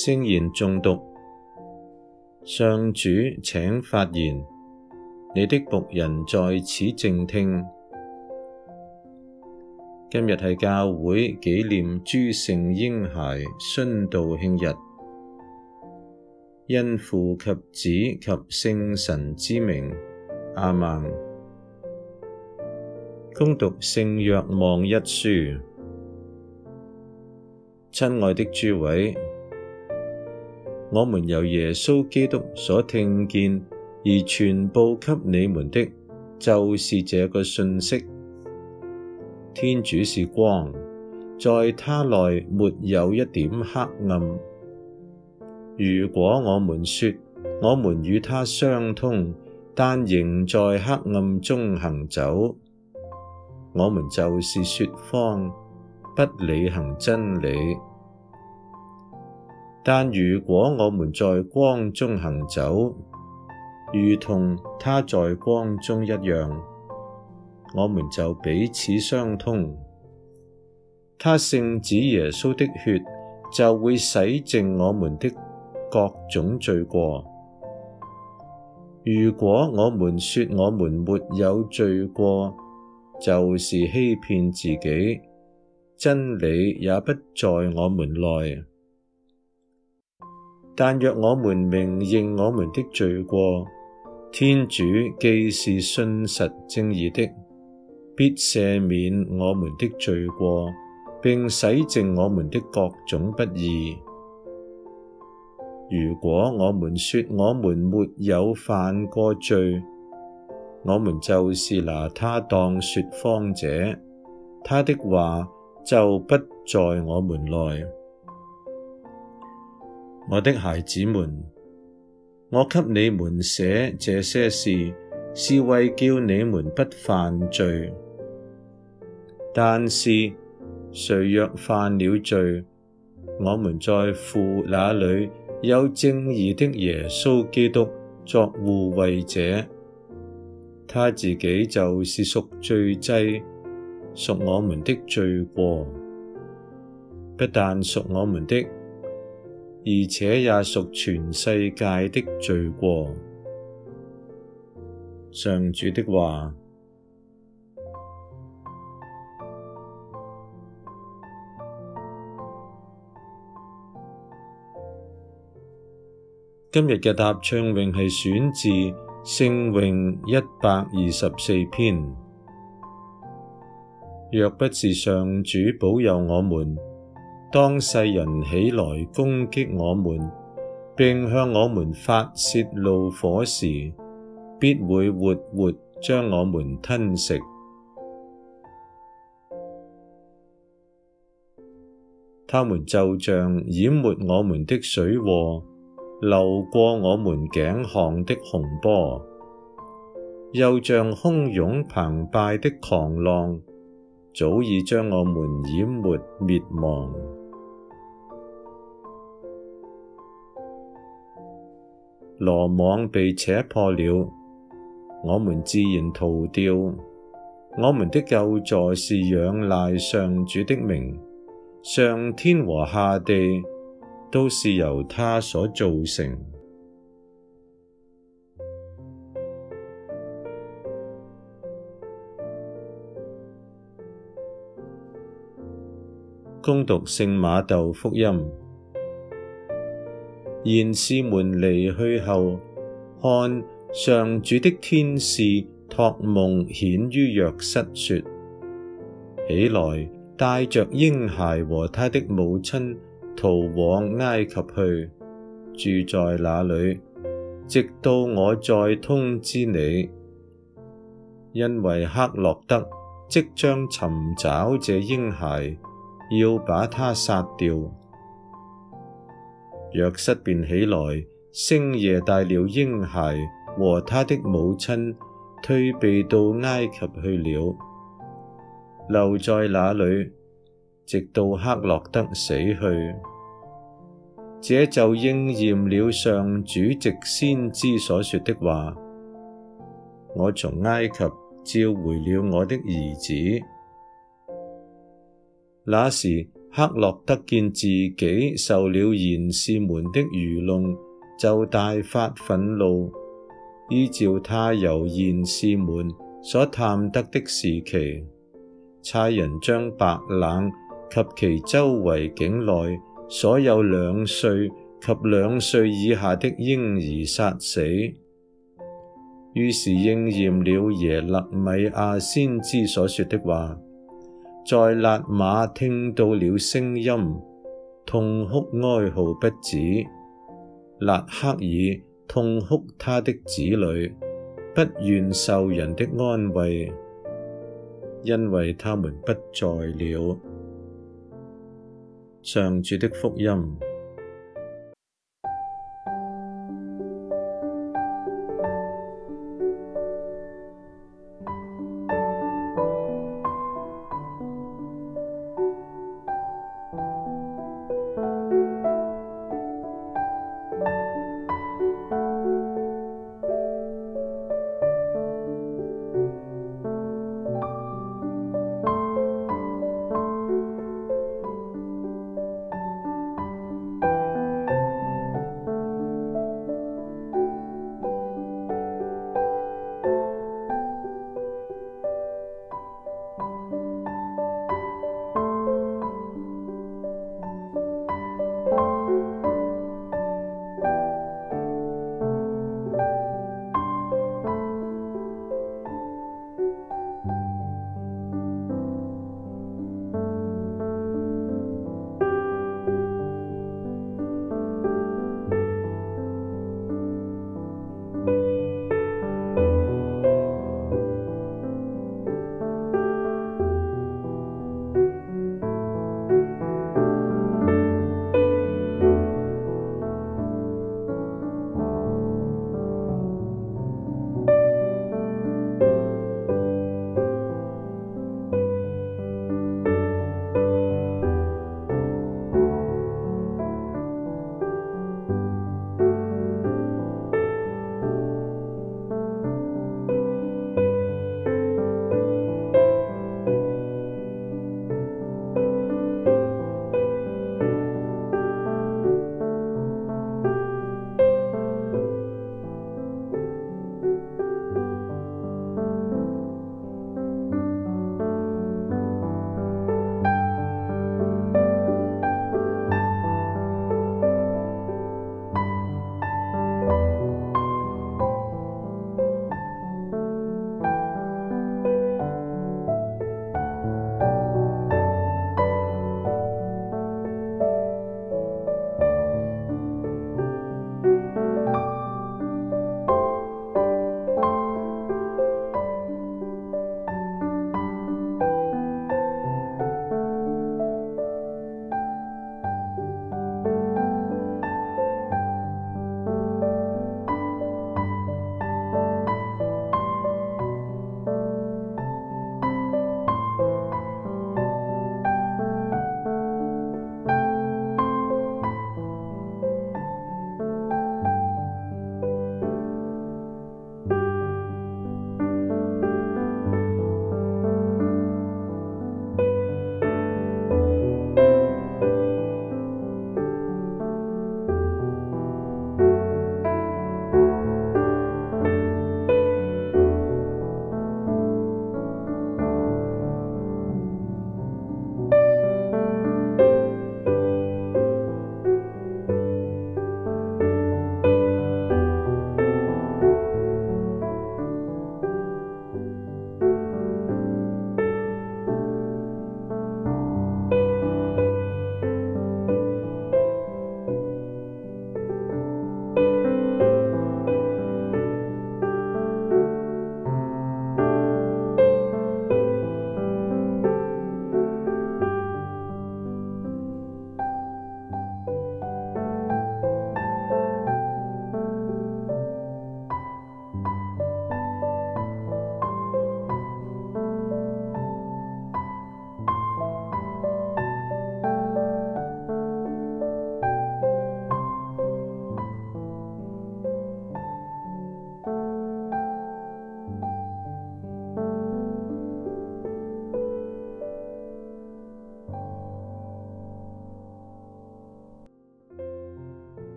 聖言誦讀，上主，請發言，你的僕人在此靜聽。今日係教會紀念諸聖嬰孩殉道慶日，因父及子及聖神之名，阿門。恭讀聖若望一書，親愛的諸位。我們由耶穌基督所聽見而傳報給你們的，就是這個信息。天主是光，在他內沒有一點黑暗。如果我們說我們與他相通，但仍在黑暗中行走，我們就是說謊，不履行真理。但如果我們在光中行走，如同他在光中一樣，我們就彼此相通。他聖子耶穌的血就會洗淨我們的各種罪過。如果我們說我們沒有罪過，就是欺騙自己，真理也不在我們內。但若我們明認我們的罪過，天主既是信實正義的，必赦免我們的罪過，並洗淨我們的各種不義。如果我們說我們沒有犯過罪，我們就是拿他當說謊者，他的話就不在我們內。我的孩子們，我給你們寫這些事，是為叫你們不犯罪。但是，誰若犯了罪，我們在父那裏有正義的耶穌基督作護衛者，他自己就是贖罪祭，贖我們的罪過，不但贖我們的。而且也贖全世界的罪過。上主的話，今日嘅答唱詠係選自聖詠一百二十四篇。若不是上主保佑我們。當世人起來攻擊我們，並向我們發洩怒火時，必會活活將我們吞食。他們就像淹沒我們的水禍，流過我們頸項的洪波，又像洶湧澎湃的狂浪，早已將我們淹沒滅亡。羅網被扯破了，我們自然逃掉。我們的救助是仰賴上主的名，上天和下地都是由他所造成。恭讀聖瑪竇福音。賢士們離去後，看，上主的天使託夢顯於若瑟，說：起來，帶着嬰孩和他的母親逃往埃及去，住在那裏，直到我再通知你，因為黑落德即將尋找這嬰孩，要把他殺掉。若瑟便起來，星夜帶了嬰孩和他的母親退避到埃及去了，留在那裏，直到黑落德死去。這就應驗了上主藉先知所說的話：我從埃及召回了我的兒子。那時，黑落德見自己受了賢士們的愚弄，就大發忿怒，依照他由賢士們所探得的時期，差人將白冷及其周圍境內所有兩歲及兩歲以下的嬰兒殺死，於是應驗了耶肋米亞先知所說的話。在辣瑪聽到了聲音，痛哭哀號不止。辣黑耳痛哭他的子女，不願受人的安慰，因為他們不在了。上主的福音。